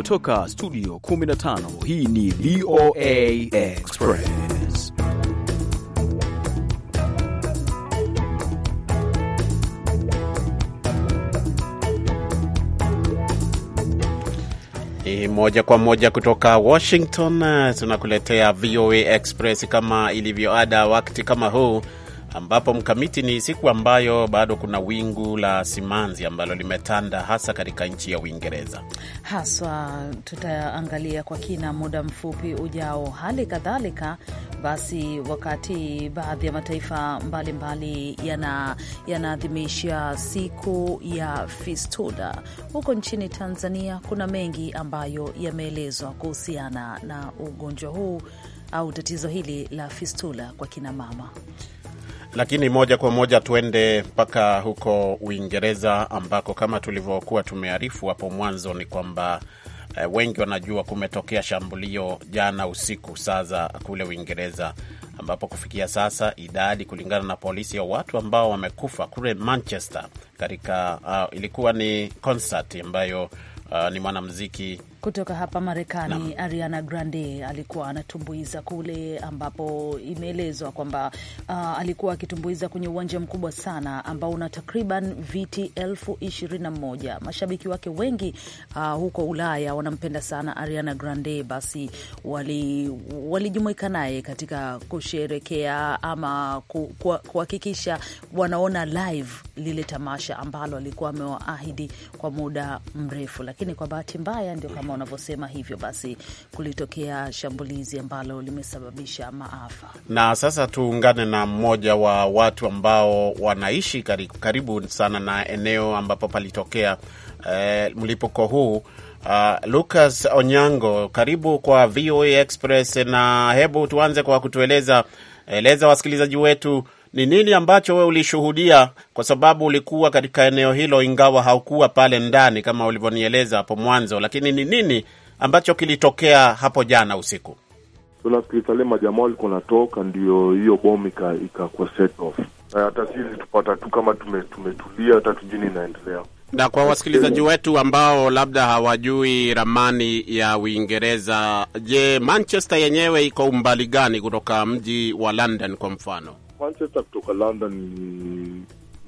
kutoka studio 15 hii ni VOA Express. Moja kwa moja kutoka Washington eh, tunakuletea VOA Express kama ilivyoada wakati kama huu ambapo mkamiti ni siku ambayo bado kuna wingu la simanzi ambalo limetanda hasa katika nchi ya Uingereza haswa. Tutaangalia kwa kina muda mfupi ujao. Hali kadhalika basi, wakati baadhi ya mataifa mbalimbali yanaadhimisha yana siku ya fistula, huko nchini Tanzania kuna mengi ambayo yameelezwa kuhusiana na ugonjwa huu au tatizo hili la fistula kwa kinamama. Lakini moja kwa moja tuende mpaka huko Uingereza ambako kama tulivyokuwa tumearifu hapo mwanzo ni kwamba e, wengi wanajua kumetokea shambulio jana usiku saa za kule Uingereza, ambapo kufikia sasa idadi kulingana na polisi ya watu ambao wamekufa kule Manchester katika uh, ilikuwa ni konsati ambayo uh, ni mwanamuziki kutoka hapa Marekani. Ariana Grande alikuwa anatumbuiza kule, ambapo imeelezwa kwamba uh, alikuwa akitumbuiza kwenye uwanja mkubwa sana ambao una takriban viti elfu ishirini na moja. Mashabiki wake wengi uh, huko Ulaya wanampenda sana Ariana Grande, basi walijumuika wali naye katika kusherekea ama kuhakikisha wanaona live lile tamasha ambalo alikuwa amewaahidi kwa muda mrefu, lakini kwa bahati mbaya ndio kama kama unavyosema hivyo, basi kulitokea shambulizi ambalo limesababisha maafa. Na sasa tuungane na mmoja wa watu ambao wanaishi karibu, karibu sana na eneo ambapo palitokea eh, mlipuko huu. Uh, Lucas Onyango, karibu kwa VOA Express, na hebu tuanze kwa kutueleza eleza wasikilizaji wetu ni nini ambacho wewe ulishuhudia, kwa sababu ulikuwa katika eneo hilo, ingawa haukuwa pale ndani kama ulivyonieleza hapo mwanzo, lakini ni nini ambacho kilitokea hapo jana usiku? Tunafikiri pale majamaa walikuwa natoka, ndio hiyo bom ikakua eh, Hata sisi tupata tu kama tumetulia, hata tujini inaendelea na kwa wasikilizaji wetu ambao labda hawajui ramani ya Uingereza, je, Manchester yenyewe iko umbali gani kutoka mji wa London kwa mfano? Manchester kutoka London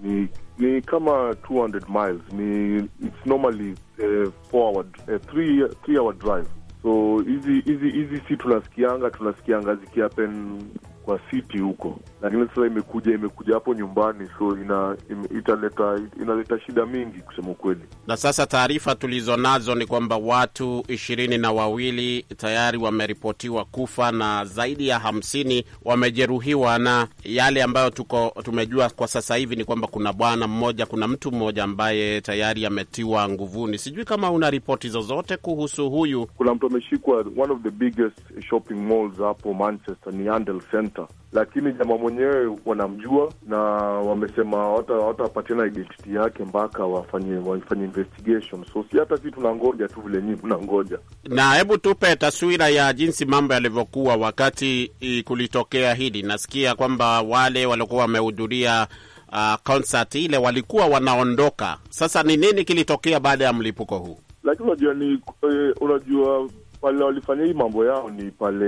ni, ni kama 200 miles ni it's normally uh, four hour, uh, three, three hour drive so hizi hizi hizi si tunasikianga tunasikianga zikiapen kwa city huko, lakini sasa imekuja imekuja hapo nyumbani, so ina, ina, italeta inaleta shida mingi kusema ukweli. Na sasa taarifa tulizo nazo ni kwamba watu ishirini na wawili tayari wameripotiwa kufa na zaidi ya hamsini wamejeruhiwa, na yale ambayo tuko tumejua kwa sasa hivi ni kwamba kuna bwana mmoja, kuna mtu mmoja ambaye tayari ametiwa nguvuni. Sijui kama una ripoti zozote kuhusu huyu. Kuna mtu ameshikwa one of the biggest shopping malls hapo Manchester, ni Center kumtafuta, lakini jamaa mwenyewe wanamjua na wamesema hawatapatiana identity yake mpaka wafanye wafanye investigation. So si hata si tunangoja tu vile nyinyi mnangoja. Na hebu tupe taswira ya jinsi mambo yalivyokuwa wakati kulitokea hili. Nasikia kwamba wale waliokuwa wamehudhuria uh, concert ile walikuwa wanaondoka. Sasa ni nini kilitokea baada ya mlipuko huu? Lakini unajua ni eh, unajua pale walifanya hii mambo yao ni pale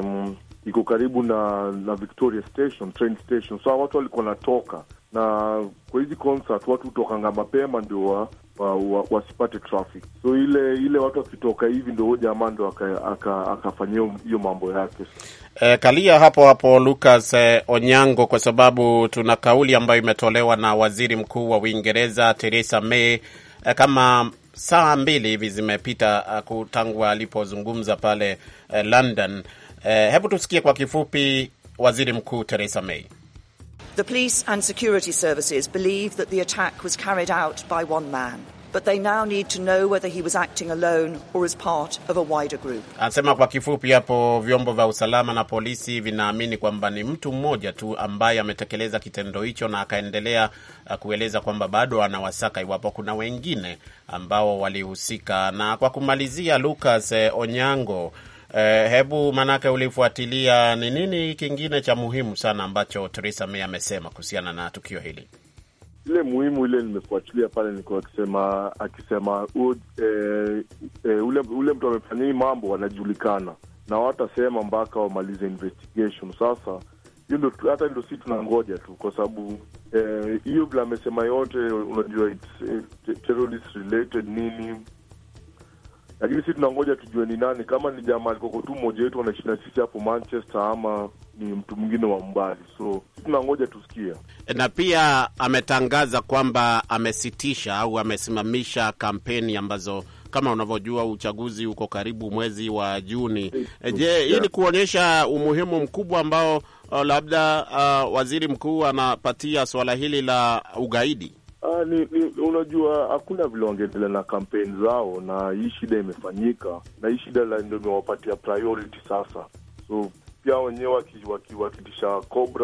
mm, iko karibu na na Victoria Station train station, so watu walikuwa wanatoka, na kwa hizi concert watu hutokanga mapema ndio wa, wa, wa, wasipate traffic. So ile ile watu wakitoka hivi ndio jamaa ndo akafanyia aka, aka hiyo mambo yake. E, kalia hapo hapo Lucas e, Onyango, kwa sababu tuna kauli ambayo imetolewa na waziri mkuu wa Uingereza Theresa May e, kama saa mbili hivi zimepita tangu alipozungumza pale e, London Eh, hebu tusikie kwa kifupi Waziri Mkuu Theresa May. The police and security services believe that the attack was carried out by one man but they now need to know whether he was acting alone or as part of a wider group. Anasema kwa kifupi hapo, vyombo vya usalama na polisi vinaamini kwamba ni mtu mmoja tu ambaye ametekeleza kitendo hicho, na akaendelea eh, kueleza kwamba bado anawasaka iwapo kuna wengine ambao walihusika. Na kwa kumalizia, Lucas eh, Onyango Eh, hebu manake ulifuatilia, ni nini kingine cha muhimu sana ambacho Theresa May amesema kuhusiana na tukio hili? Ile muhimu ile nimefuatilia pale niko akisema akisema u, eh, eh, ule, ule mtu amefanya hii mambo anajulikana na watasema mpaka wamalize investigation. Sasa hilo hata ndo si tunangoja tu, kwa sababu hiyo eh, vile amesema yote, unajua it's, eh, terrorist related nini lakini si tunangoja tujue ni nani, kama ni jamaa alikoko tu mmoja wetu anaishi sisi hapo Manchester ama ni mtu mwingine wa mbali, so si tunangoja tusikia. Na pia ametangaza kwamba amesitisha au amesimamisha kampeni ambazo kama unavyojua uchaguzi uko karibu mwezi wa Juni. Je, hii ni kuonyesha umuhimu mkubwa ambao uh, labda uh, waziri mkuu anapatia suala hili la ugaidi? ni, ni, unajua hakuna vile wangeendelea na kampeni zao, na hii shida imefanyika, na hii shida ndio imewapatia priority sasa. So pia wenyewe wakiwakilisha waki,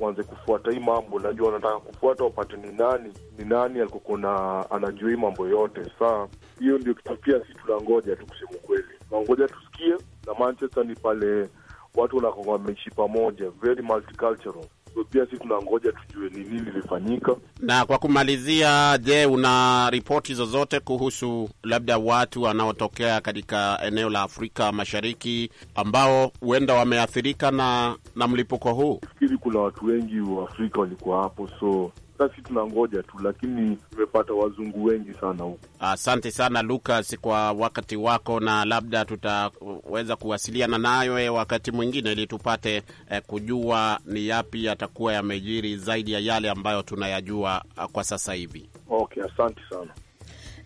waanze kufuata hii mambo, najua wanataka kufuata wapate ni nani ni nani alikokuwa na anajua hii mambo yote. Saa hiyo ndio kitu pia si tunangoja tu, kusema ukweli, tunangoja tusikie. Na Manchester ni pale watu wanakuwa wameishi pamoja, very multicultural pia sisi tunangoja tujue ni nini lilifanyika. Na kwa kumalizia, je, una ripoti zozote kuhusu labda watu wanaotokea katika eneo la Afrika Mashariki ambao huenda wameathirika na na mlipuko huu? Nafikiri kuna watu wengi wa Afrika walikuwa hapo, so sasi tunangoja tu, lakini tumepata wazungu wengi sana huku. Asante sana Lucas kwa wakati wako, na labda tutaweza kuwasiliana nayo wakati mwingine ili tupate eh, kujua ni yapi yatakuwa yamejiri zaidi ya yale ambayo tunayajua eh, kwa sasa hivi. Okay, asante sana.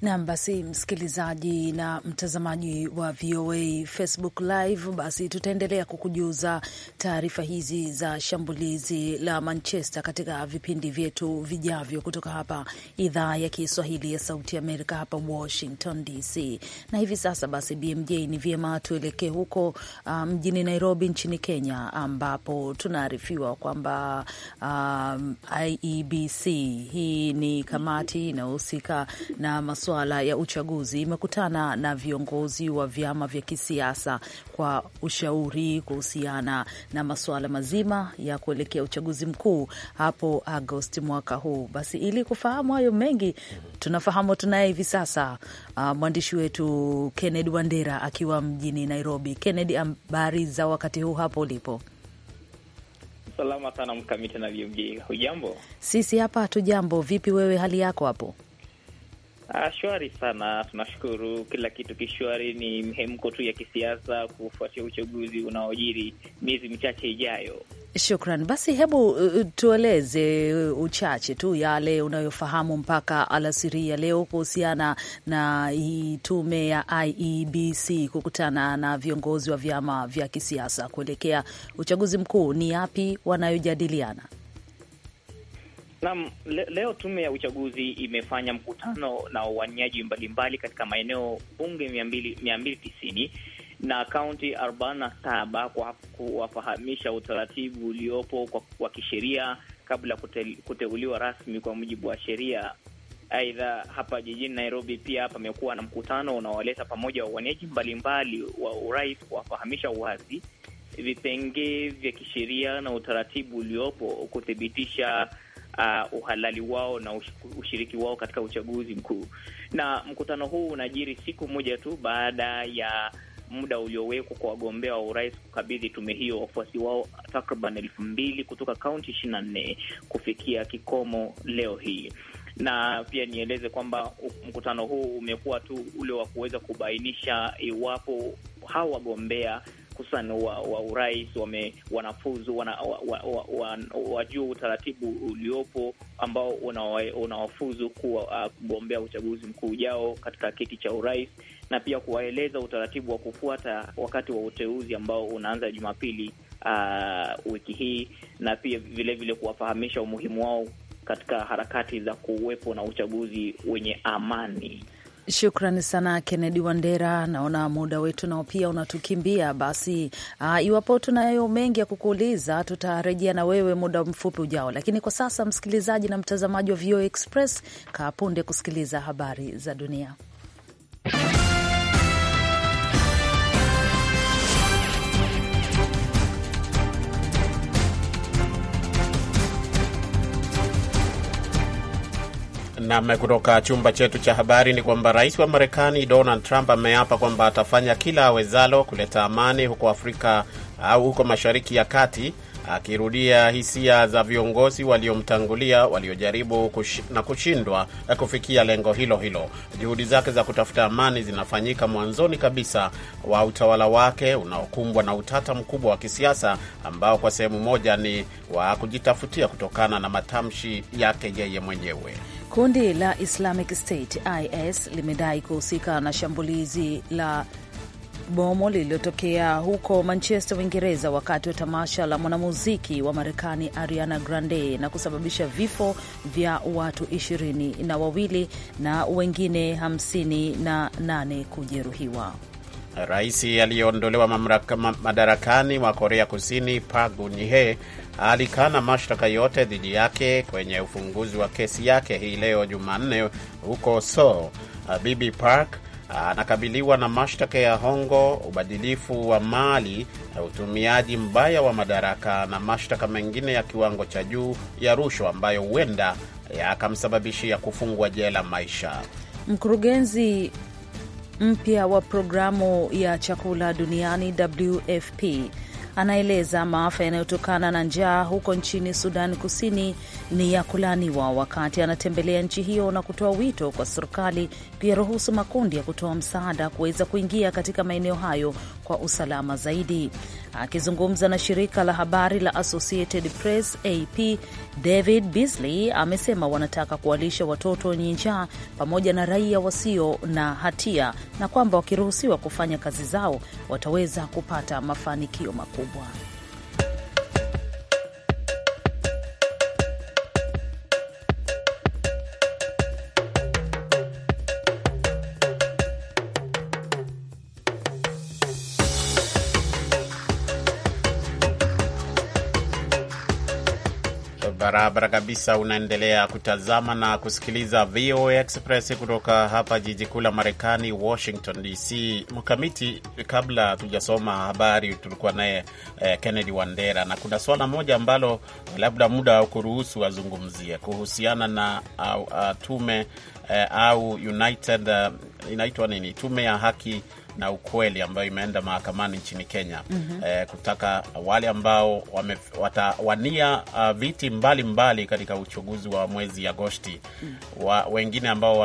Nam, basi msikilizaji na mtazamaji wa VOA Facebook Live, basi tutaendelea kukujuza taarifa hizi za shambulizi la Manchester katika vipindi vyetu vijavyo kutoka hapa idhaa ya Kiswahili ya Sauti ya Amerika hapa Washington DC. Na hivi sasa basi, BMJ, ni vyema tuelekee huko ah, mjini um, Nairobi nchini Kenya, ambapo tunaarifiwa kwamba um, ah, IEBC hii ni kamati inayohusika na, na masuala ya uchaguzi imekutana na viongozi wa vyama vya kisiasa kwa ushauri kuhusiana na masuala mazima ya kuelekea uchaguzi mkuu hapo Agosti mwaka huu. Basi ili kufahamu hayo mengi tunafahamu, tunaye hivi sasa uh, mwandishi wetu Kennedy Wandera akiwa mjini Nairobi. Kennedy, habari za wakati huu hapo ulipo? Salama sana Mkamiti na vyumji, hujambo? Sisi hapa hatujambo. Vipi wewe, hali yako hapo? Ah, shwari sana, tunashukuru. Kila kitu kishwari, ni mhemko tu ya kisiasa kufuatia uchaguzi unaojiri miezi michache ijayo. Shukran. Basi hebu uh, uh tueleze uh, uchache tu yale unayofahamu mpaka alasiri ya leo kuhusiana na hii tume ya IEBC kukutana na viongozi wa vyama vya kisiasa kuelekea uchaguzi mkuu. Ni yapi wanayojadiliana? Naam, leo tume ya uchaguzi imefanya mkutano na uwaniaji mbalimbali katika maeneo bunge mia mbili tisini na kaunti 47 saba kwa kuwafahamisha utaratibu uliopo wa kisheria kabla kute, kuteuliwa rasmi kwa mujibu wa sheria. Aidha, hapa jijini Nairobi pia pamekuwa na mkutano unaowaleta pamoja wawaniaji mbalimbali wa urais kuwafahamisha wazi vipengee vya kisheria na utaratibu uliopo kuthibitisha uh, uhalali wao na ushiriki wao katika uchaguzi mkuu. Na mkutano huu unajiri siku moja tu baada ya muda uliowekwa kwa wagombea wa urais kukabidhi tume hiyo wafuasi wao takriban elfu mbili kutoka kaunti ishirini na nne kufikia kikomo leo hii. Na pia nieleze kwamba mkutano huu umekuwa tu ule wa kuweza kubainisha iwapo hawa wagombea hususan wa, wa urais wame, wanafuzu wana, wa, wa, wa, wa, wajua utaratibu uliopo ambao unawafuzu una uh, kugombea uchaguzi mkuu ujao katika kiti cha urais na pia kuwaeleza utaratibu wa kufuata wakati wa uteuzi ambao unaanza Jumapili uh, wiki hii, na pia vilevile kuwafahamisha umuhimu wao katika harakati za kuwepo na uchaguzi wenye amani. Shukrani sana Kennedy Wandera, naona muda wetu nao pia unatukimbia. Basi uh, iwapo tunayo mengi ya kukuuliza, tutarejea na wewe muda mfupi ujao, lakini kwa sasa, msikilizaji na mtazamaji wa VOA Express, kaa punde kusikiliza habari za dunia. Nam, kutoka chumba chetu cha habari ni kwamba rais wa Marekani Donald Trump ameapa kwamba atafanya kila awezalo kuleta amani huko Afrika au huko Mashariki ya Kati, akirudia hisia za viongozi waliomtangulia waliojaribu kush, na kushindwa eh, kufikia lengo hilo hilo. Juhudi zake za kutafuta amani zinafanyika mwanzoni kabisa wa utawala wake unaokumbwa na utata mkubwa wa kisiasa ambao kwa sehemu moja ni wa kujitafutia kutokana na matamshi yake yeye mwenyewe. Kundi la Islamic State IS limedai kuhusika na shambulizi la bomo lililotokea huko Manchester, Uingereza, wakati wa tamasha la mwanamuziki wa Marekani Ariana Grande na kusababisha vifo vya watu ishirini na wawili na wengine hamsini na nane kujeruhiwa. Rais aliyeondolewa madarakani wa Korea Kusini Park Geun-hye alikana mashtaka yote dhidi yake kwenye ufunguzi wa kesi yake hii leo Jumanne huko Seoul. Ah, bb Park ah, anakabiliwa na mashtaka ya hongo, ubadilifu wa mali, ah, utumiaji mbaya wa madaraka na mashtaka mengine ya kiwango cha juu ya rushwa ambayo huenda yakamsababishia kufungwa jela maisha. Mkurugenzi mpya wa programu ya chakula duniani WFP anaeleza maafa yanayotokana na njaa huko nchini Sudan Kusini ni ya kulaaniwa, wakati anatembelea nchi hiyo na kutoa wito kwa serikali kuyaruhusu makundi ya kutoa msaada kuweza kuingia katika maeneo hayo kwa usalama zaidi. Akizungumza na shirika la habari la Associated Press AP, David Beasley amesema wanataka kuwalisha watoto wenye njaa pamoja na raia wasio na hatia, na kwamba wakiruhusiwa kufanya kazi zao wataweza kupata mafanikio makubwa. Barabara kabisa. Unaendelea kutazama na kusikiliza VOA Express kutoka hapa jiji kuu la Marekani, Washington DC. Mkamiti, kabla tujasoma habari, tulikuwa naye eh, Kennedy Wandera, na kuna swala moja ambalo labda muda wa kuruhusu azungumzie kuhusiana na uh, uh, tume uh, au United uh, inaitwa nini, tume ya haki na ukweli ambayo imeenda mahakamani nchini Kenya mm -hmm. eh, kutaka wale ambao watawania uh, viti mbalimbali katika uchaguzi wa mwezi Agosti mm -hmm. wa, wengine ambao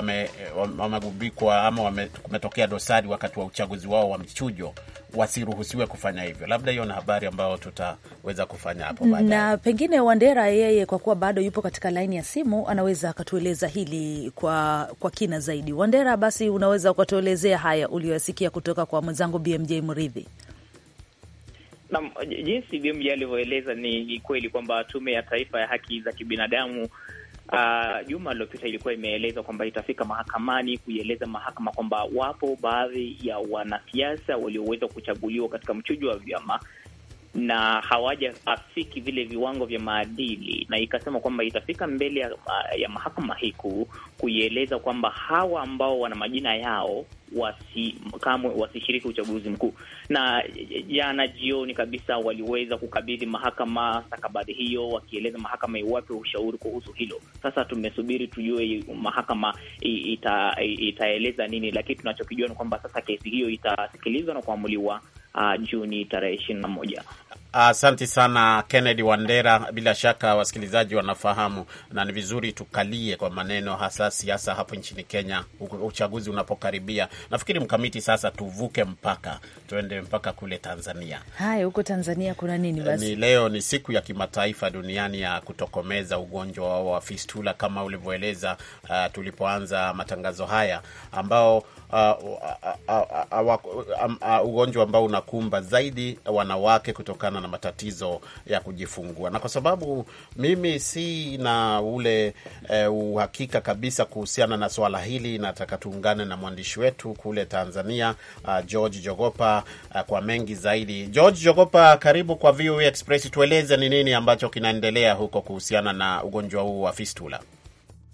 wamegubikwa wame ama wametokea dosari wakati wa uchaguzi wao wa mchujo wasiruhusiwe kufanya hivyo. Labda hiyo na habari ambayo tutaweza kufanya hapo baadaye, na pengine Wandera yeye kwa kuwa bado yupo katika laini ya simu anaweza akatueleza hili kwa, kwa kina zaidi. Wandera, basi unaweza ukatuelezea haya uliyoyasikia kutoka kwa mwenzangu BMJ Mridhi. Naam, jinsi BMJ alivyoeleza ni kweli kwamba Tume ya Taifa ya Haki za Kibinadamu Uh, juma lilopita ilikuwa imeeleza kwamba itafika mahakamani kuieleza mahakama kwamba wapo baadhi ya wanasiasa walioweza kuchaguliwa katika mchujo wa vyama na hawajaafiki vile viwango vya maadili, na ikasema kwamba itafika mbele ya, ya mahakama hiku kuieleza kwamba hawa ambao wana majina yao wasi, kamwe wasishiriki uchaguzi mkuu. Na jana jioni kabisa waliweza kukabidhi mahakama stakabadhi hiyo, wakieleza mahakama iwape ushauri kuhusu hilo. Sasa tumesubiri tujue mahakama ita, itaeleza nini, lakini tunachokijua ni kwamba sasa kesi hiyo itasikilizwa na kuamuliwa uh, Juni tarehe ishirini na moja. Asante sana Kennedy Wandera. Bila shaka wasikilizaji wanafahamu na ni vizuri tukalie kwa maneno, hasa siasa hapo nchini Kenya, uchaguzi unapokaribia. Nafikiri mkamiti, sasa tuvuke mpaka tuende mpaka kule Tanzania. Hai, huko Tanzania kuna nini eh, basi? Ni leo ni siku ya kimataifa duniani ya kutokomeza ugonjwa wa fistula kama ulivyoeleza uh, tulipoanza matangazo haya ambao uh, uh, uh, uh, uh, uh, uh, ugonjwa ambao unakumba zaidi wanawake kutokana na matatizo ya kujifungua. Na kwa sababu mimi si na ule eh, uhakika kabisa kuhusiana na swala hili, nataka tuungane na mwandishi wetu kule Tanzania, uh, George Jogopa uh, kwa mengi zaidi. George Jogopa, karibu kwa VOA e Express, tueleze ni nini ambacho kinaendelea huko kuhusiana na ugonjwa huu wa fistula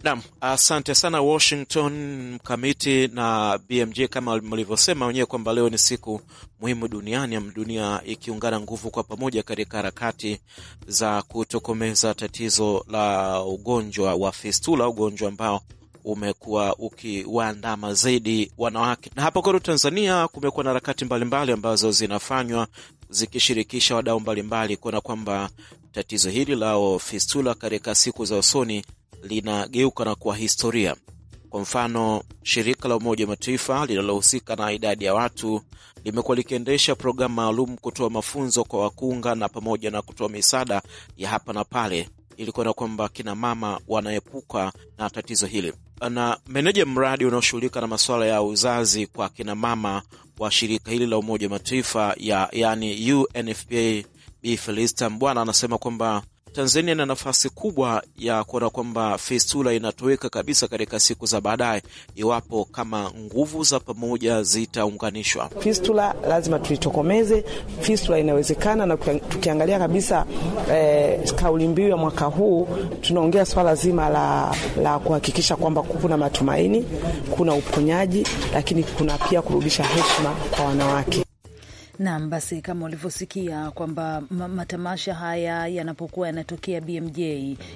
nam asante sana Washington mkamiti na BMJ. Kama mlivyosema wenyewe kwamba leo ni siku muhimu duniani, dunia ikiungana nguvu kwa pamoja katika harakati za kutokomeza tatizo la ugonjwa wa fistula, ugonjwa ambao umekuwa ukiwaandama zaidi wanawake. Na hapa kwetu Tanzania kumekuwa na harakati mbalimbali ambazo zinafanywa zikishirikisha wadau mbalimbali kuona kwamba tatizo hili la fistula katika siku za usoni linageuka na kuwa historia. Kwa mfano, shirika la Umoja wa Mataifa linalohusika na idadi ya watu limekuwa likiendesha programu maalum kutoa mafunzo kwa wakunga na pamoja na kutoa misaada ya hapa na pale ili kuona kwamba kina mama wanaepuka na tatizo hili. Na meneja mradi unaoshughulika na masuala ya uzazi kwa kina mama wa shirika hili la Umoja wa Mataifa ya yani UNFPA, Bi Felista Mbwana anasema kwamba Tanzania ina nafasi kubwa ya kuona kwamba fistula inatoweka kabisa katika siku za baadaye, iwapo kama nguvu za pamoja zitaunganishwa. Fistula lazima tuitokomeze. Fistula inawezekana, na tukiangalia kabisa eh, kauli mbiu ya mwaka huu tunaongea swala zima la, la kuhakikisha kwamba kuna matumaini, kuna uponyaji, lakini kuna pia kurudisha heshima kwa wanawake. Naam, basi kama ulivyosikia kwamba matamasha haya yanapokuwa yanatokea BMJ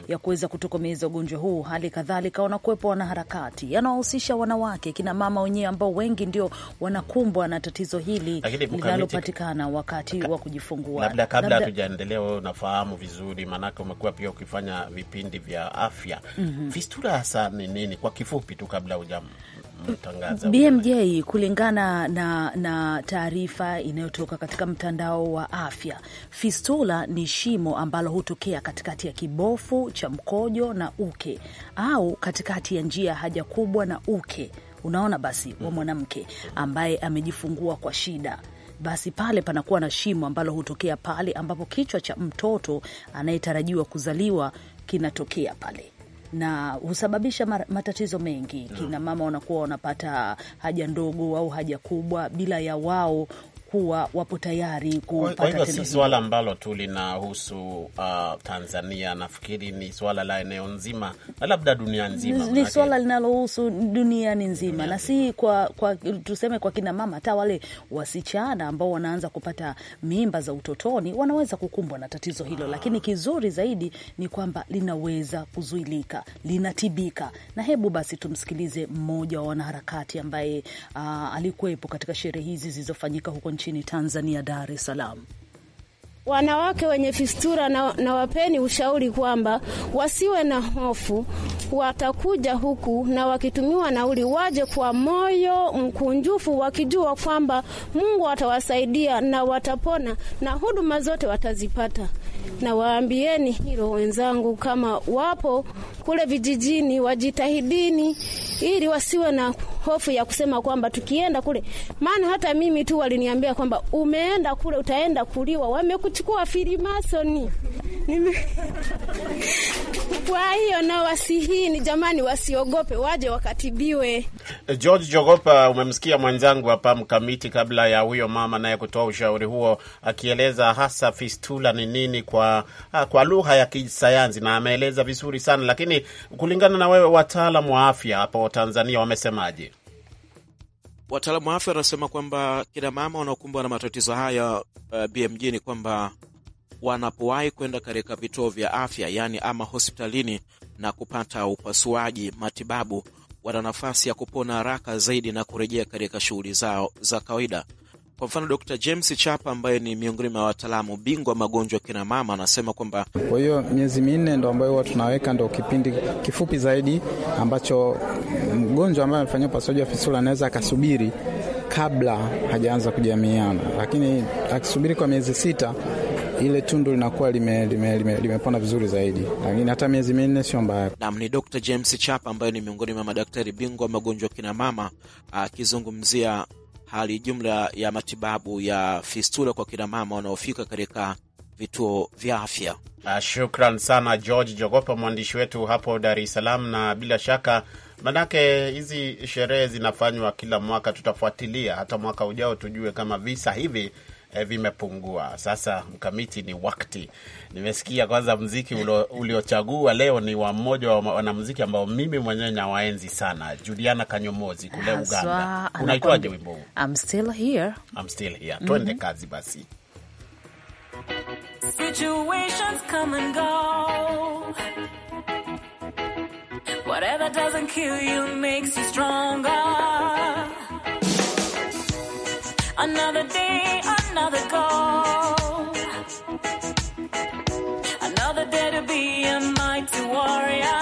ya kuweza kutokomeza ugonjwa huu, hali kadhalika wanakuwepo wanaharakati, yanawahusisha wanawake, kina mama wenyewe ambao wengi ndio wanakumbwa na tatizo hili linalopatikana wakati wa kujifungua. Labda kabla hatujaendelea, wewe unafahamu vizuri, maanake umekuwa pia ukifanya vipindi vya afya. mm -hmm. Fistula hasa ni nini kwa kifupi tu, kabla ujamu BMJ Kulingana na, na taarifa inayotoka katika mtandao wa afya, fistula ni shimo ambalo hutokea katikati ya kibofu cha mkojo na uke au katikati ya njia ya haja kubwa na uke. Unaona basi, wa mm-hmm. mwanamke ambaye amejifungua kwa shida basi pale panakuwa na shimo ambalo hutokea pale ambapo kichwa cha mtoto anayetarajiwa kuzaliwa kinatokea pale na husababisha matatizo mengi. Kina mama wanakuwa wanapata haja ndogo au haja kubwa bila ya wao kuwa wapo tayari kupata. Kwa hivyo si swala ambalo tu linahusu uh, Tanzania, nafikiri ni swala la eneo nzima na labda dunia nzima, ni swala linalohusu duniani nzima dunia, na si kwa, kwa tuseme kwa kina mama, hata wale wasichana ambao wanaanza kupata mimba za utotoni wanaweza kukumbwa na tatizo hilo, ah. lakini kizuri zaidi ni kwamba linaweza kuzuilika, linatibika. Na hebu basi tumsikilize mmoja wa wanaharakati ambaye uh, alikuwepo katika sherehe hizi zilizofanyika huko nchini nchini Tanzania, Dar es Salaam. Wanawake wenye fistura na, na wapeni ushauri kwamba wasiwe na hofu, watakuja huku na wakitumiwa nauli waje kwa moyo mkunjufu, wakijua kwamba Mungu atawasaidia na watapona na huduma zote watazipata. Na waambieni hilo wenzangu, kama wapo kule vijijini, wajitahidini ili wasiwe na hofu ya kusema kwamba tukienda kule, maana hata mimi tu waliniambia kwamba umeenda kule utaenda kuliwa, wamekuchukua filimasoni nime... kwa hiyo na wasihini, jamani, wasiogope, waje wakatibiwe. Eh, George Jogopa, umemsikia mwenzangu hapa mkamiti, kabla ya huyo mama naye kutoa ushauri huo, akieleza hasa fistula ni nini kwa, ah, kwa lugha ya kisayansi, na ameeleza vizuri sana. Lakini kulingana na wewe, wataalamu wa afya hapo Tanzania wamesemaje? Wataalamu wa afya wanasema kwamba kina mama wanaokumbwa na matatizo haya uh, eh, BMG ni kwamba wanapowahi kwenda katika vituo vya afya, yaani ama hospitalini na kupata upasuaji, matibabu, wana nafasi ya kupona haraka zaidi na kurejea katika shughuli zao za kawaida. Kwa mfano Dr. James Chapa ambaye ni miongoni mwa wataalamu bingwa magonjwa kina mama anasema kwamba kwa hiyo miezi minne ndo ambayo huwa tunaweka ndo kipindi kifupi zaidi ambacho mgonjwa ambaye amefanyia upasuaji wa fisula anaweza akasubiri kabla hajaanza kujamiana, lakini akisubiri kwa miezi sita ile tundu linakuwa limepona lime, lime, lime vizuri zaidi, lakini hata miezi minne sio mbaya. Nam ni Dr. James Chapa ambaye ni miongoni mwa madaktari bingwa magonjwa kina mama akizungumzia hali jumla ya matibabu ya fistula kwa kinamama wanaofika katika vituo vya afya. Shukran sana George Jogopa, mwandishi wetu hapo Dar es Salaam. Na bila shaka, manake hizi sherehe zinafanywa kila mwaka, tutafuatilia hata mwaka ujao tujue kama visa hivi vimepungua. Sasa mkamiti, ni wakati nimesikia kwanza mziki uliochagua leo ni wa mmoja wa wanamziki ambao mimi mwenyewe nawaenzi sana, Juliana Kanyomozi kule Uganda. Unaitwaje wimbo huu? I'm still here, I'm still here. Twende mhm. kazi basi. Situations come and go. Whatever doesn't kill you makes you stronger. Another day another goal. Another day to be a mighty warrior.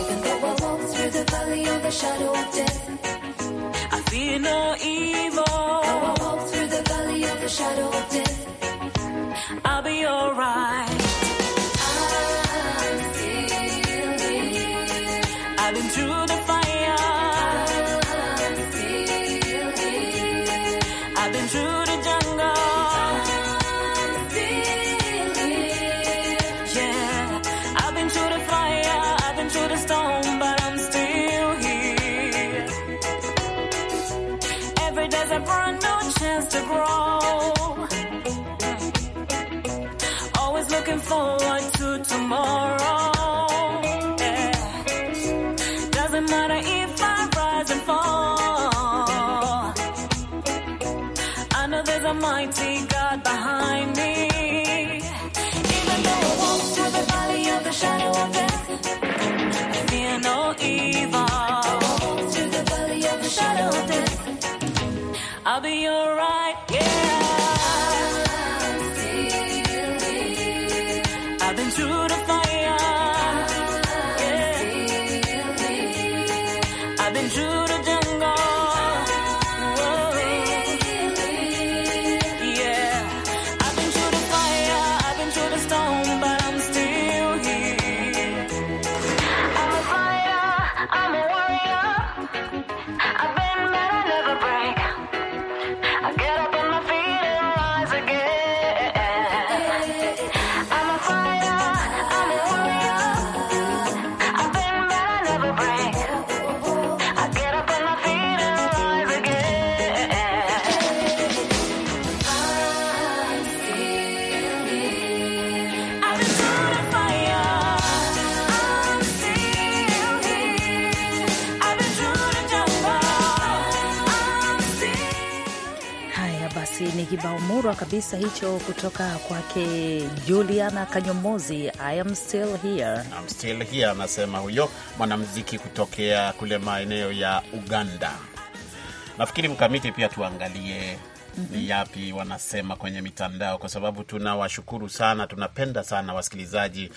Even though I walk through the valley of the shadow of death. looking forward to tomorrow. kabisa hicho kutoka kwake Juliana Kanyomozi, I am still here. I'm still here, anasema huyo mwanamuziki kutokea kule maeneo ya Uganda. Nafikiri mkamiti pia tuangalie Mm -hmm. Ni mhm. yapi wanasema kwenye mitandao, kwa sababu tunawashukuru sana, tunapenda sana wasikilizaji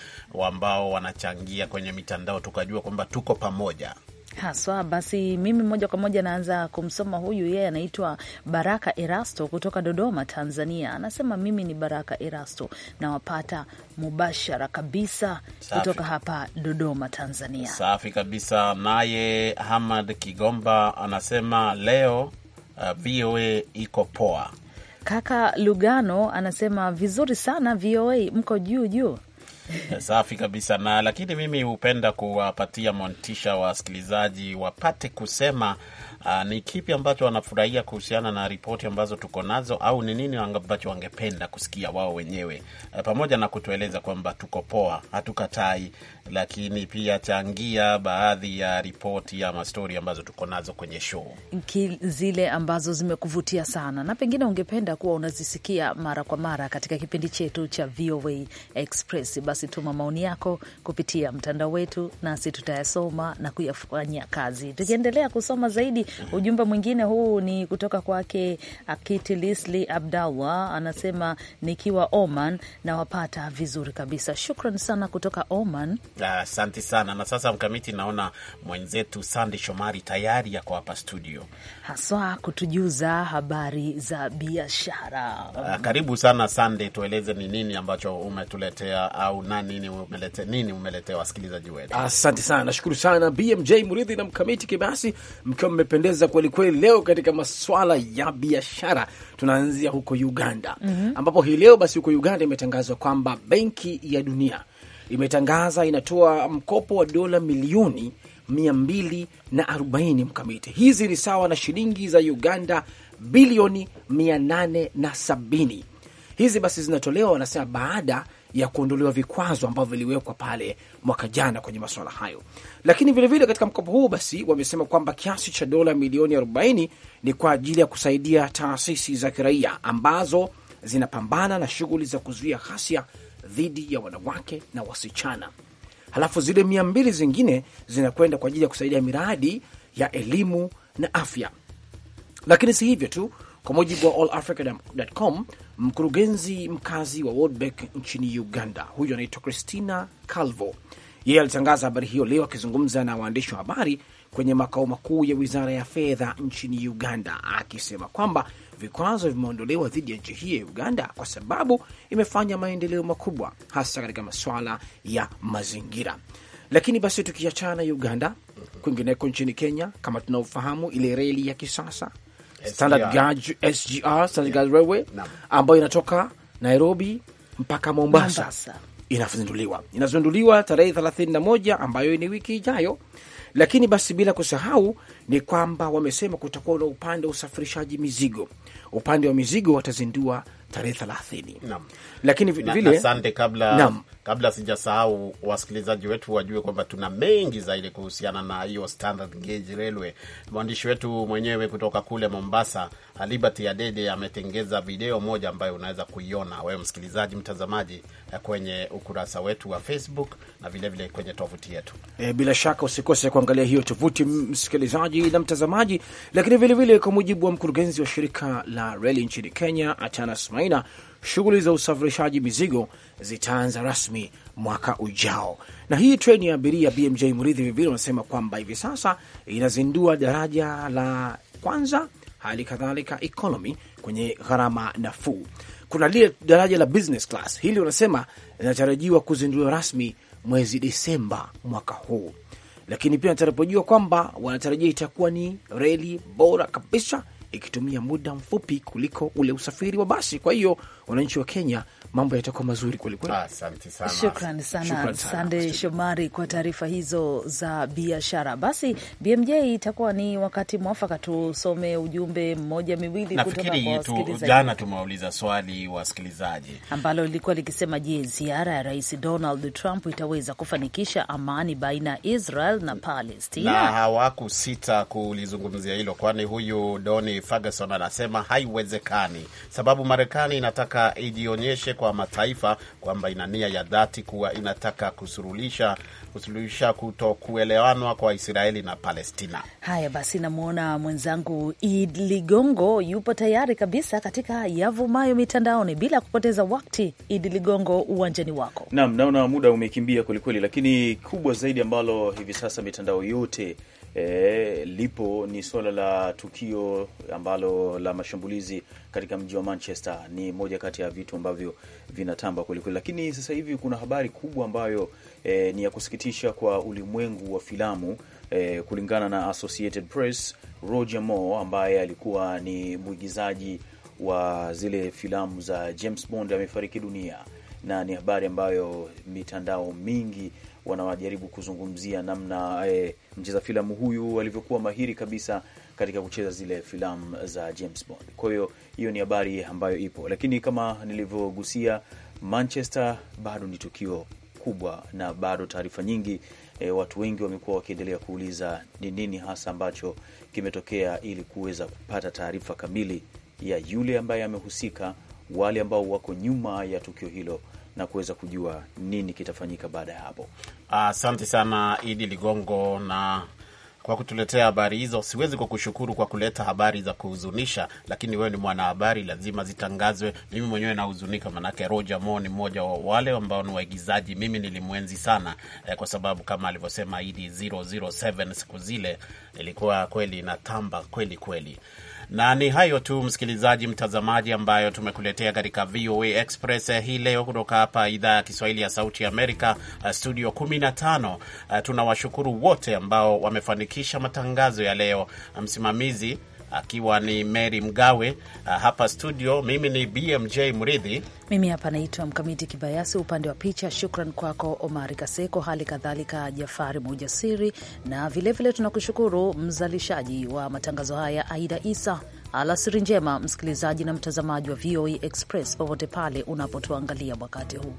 ambao wanachangia kwenye mitandao, tukajua kwamba tuko pamoja haswa. Basi mimi moja kwa moja naanza kumsoma huyu, yeye anaitwa Baraka Erasto kutoka Dodoma, Tanzania. Anasema mimi ni Baraka Erasto, nawapata mubashara kabisa Safi. kutoka hapa Dodoma, Tanzania. Safi kabisa. Naye Hamad Kigomba anasema leo uh, VOA iko poa. Kaka Lugano anasema vizuri sana, VOA mko juu juu. Safi kabisa. Na lakini mimi hupenda kuwapatia montisha wasikilizaji wapate kusema uh, ni kipi ambacho wanafurahia kuhusiana na ripoti ambazo tuko nazo, au ni nini ambacho wangependa kusikia wao wenyewe, uh, pamoja na kutueleza kwamba tuko poa, hatukatai lakini pia changia baadhi ya ripoti ama stori ambazo tuko nazo kwenye show, zile ambazo zimekuvutia sana na pengine ungependa kuwa unazisikia mara kwa mara katika kipindi chetu cha VOA Express, basi tuma maoni yako kupitia mtandao wetu, nasi tutayasoma na kuyafanyia kazi. Tukiendelea kusoma zaidi ujumbe mwingine huu ni kutoka kwake Akiti Lisli Abdallah, anasema nikiwa Oman nawapata vizuri kabisa. Shukran sana kutoka Oman. Asante uh, sana. Na sasa Mkamiti, naona mwenzetu Sande Shomari tayari yako hapa studio haswa kutujuza habari za biashara. Uh, karibu sana Sande, tueleze ni nini ambacho umetuletea au na nini umelete, nini umeletea wasikilizaji wetu? Asante sana, nashukuru sana BMJ mridhi na Mkamiti Kibasi, mkiwa mmependeza kwelikweli leo katika maswala ya biashara. Tunaanzia huko Uganda mm -hmm. ambapo hii leo basi huko Uganda imetangazwa kwamba Benki ya Dunia imetangaza inatoa mkopo wa dola milioni 240 mkamiti. Hizi ni sawa na shilingi za Uganda bilioni 870. Hizi basi zinatolewa wanasema, baada ya kuondolewa vikwazo ambavyo viliwekwa pale mwaka jana kwenye masuala hayo. Lakini vilevile vile katika mkopo huu basi wamesema kwamba kiasi cha dola milioni 40 ni kwa ajili ya kusaidia taasisi za kiraia ambazo zinapambana na shughuli za kuzuia ghasia dhidi ya wanawake na wasichana, halafu zile mia mbili zingine zinakwenda kwa ajili ya kusaidia miradi ya elimu na afya. Lakini si hivyo tu. Kwa mujibu wa allafrica.com, mkurugenzi mkazi wa Worldbank nchini Uganda, huyu anaitwa Christina Calvo, yeye alitangaza habari hiyo leo akizungumza na waandishi wa habari kwenye makao makuu ya wizara ya fedha nchini Uganda, akisema kwamba vikwazo vimeondolewa dhidi ya nchi hii ya Uganda kwa sababu imefanya maendeleo makubwa hasa katika masuala ya mazingira. Lakini basi tukiachana na Uganda, kwingineko nchini Kenya, kama tunavyofahamu, ile reli ya kisasa standard gauge SGR, standard gauge railway ambayo inatoka Nairobi mpaka Mombasa, inazinduliwa inazinduliwa tarehe 31 ambayo ni wiki ijayo. Lakini basi bila kusahau ni kwamba wamesema kutakuwa na upande wa usafirishaji mizigo upande wa mizigo watazindua tarehe thelathini. Lakini vilevile asante, kabla kabla sijasahau, wasikilizaji wetu wajue kwamba tuna mengi zaidi kuhusiana na hiyo standard gauge railway. Mwandishi wetu mwenyewe kutoka kule Mombasa, Liberty Adede, ametengeza video moja ambayo unaweza kuiona wewe msikilizaji, mtazamaji, eh, kwenye ukurasa wetu wa Facebook na vilevile vile kwenye tovuti yetu. E, bila shaka usikose kuangalia hiyo tovuti, msikilizaji na mtazamaji. Lakini vilevile, kwa mujibu wa mkurugenzi wa shirika la reli nchini Kenya, Atanas Maina, shughuli za usafirishaji mizigo zitaanza rasmi mwaka ujao. Na hii treni ya abiria BMJ mridhi vivile unasema kwamba hivi sasa inazindua daraja la kwanza, hali kadhalika economy kwenye gharama nafuu. Kuna lile daraja la business class, hili wanasema linatarajiwa kuzinduliwa rasmi mwezi Desemba mwaka huu, lakini pia wanatarajiwa kwamba wanatarajia itakuwa ni reli bora kabisa ikitumia muda mfupi kuliko ule usafiri wa basi. Kwa hiyo wananchi wa Kenya mambo yatakuwa mazuri kwelikweli. Asante sana, shukran sana Sande Shomari kwa taarifa hizo za biashara. Basi BMJ, itakuwa ni wakati mwafaka tusome ujumbe mmoja miwili kutoka tu. Jana tumewauliza swali wasikilizaji ambalo lilikuwa likisema, je, ziara ya Rais Donald Trump itaweza kufanikisha amani baina ya Israel na Palestina? Na hawakusita kulizungumzia hilo, kwani huyu Doni Ferguson anasema haiwezekani, sababu Marekani inataka ijionyeshe kwa mataifa kwamba ina nia ya dhati kuwa inataka kusurulisha kusuluhisha kutokuelewanwa kwa Israeli na Palestina. Haya basi, namwona mwenzangu Id Ligongo yupo tayari kabisa katika yavumayo mitandaoni. Bila kupoteza wakti Id Ligongo, uwanjani wako. Naam, naona muda umekimbia kwelikweli, lakini kubwa zaidi ambalo hivi sasa mitandao yote e, lipo ni suala la tukio ambalo la mashambulizi katika mji wa Manchester. Ni moja kati ya vitu ambavyo vinatamba kwelikweli, lakini sasa hivi kuna habari kubwa ambayo e, ni ya kusikitisha kwa ulimwengu wa filamu e, kulingana na Associated Press, Roger Moore ambaye alikuwa ni mwigizaji wa zile filamu za James Bond amefariki dunia na ni habari ambayo mitandao mingi wanawajaribu kuzungumzia namna e, mcheza filamu huyu alivyokuwa mahiri kabisa katika kucheza zile filamu za James Bond. Kwa hiyo hiyo ni habari ambayo ipo, lakini kama nilivyogusia, Manchester bado ni tukio kubwa na bado taarifa nyingi e, watu wengi wamekuwa wakiendelea kuuliza ni nini hasa ambacho kimetokea ili kuweza kupata taarifa kamili ya yule ambaye amehusika, wale ambao wako nyuma ya tukio hilo na kuweza kujua nini kitafanyika baada ya hapo. Asante uh, sana Idi Ligongo na kwa kutuletea habari hizo. Siwezi kukushukuru kwa kuleta habari za kuhuzunisha, lakini wewe ni mwanahabari, lazima zitangazwe. Mimi mwenyewe nahuzunika, manake Roger Moore ni mmoja wa wale ambao ni waigizaji mimi nilimwenzi sana eh, kwa sababu kama alivyosema Idi 007 siku zile ilikuwa kweli natamba kweli kweli. Na ni hayo tu, msikilizaji, mtazamaji, ambayo tumekuletea katika VOA Express eh, hii leo kutoka hapa idhaa ya Kiswahili ya Sauti Amerika, eh, studio 15. Eh, tunawashukuru wote ambao wamefanikisha matangazo ya leo, msimamizi akiwa ni Mary Mgawe. Ah, hapa studio mimi ni BMJ Mridhi, mimi hapa naitwa Mkamiti Kibayasi upande wa picha. Shukran kwako Omari Kaseko, hali kadhalika Jafari Mujasiri, na vilevile tunakushukuru mzalishaji wa matangazo haya Aida Isa. Alasiri njema msikilizaji na mtazamaji wa VOA e Express popote pale unapotuangalia wakati huu.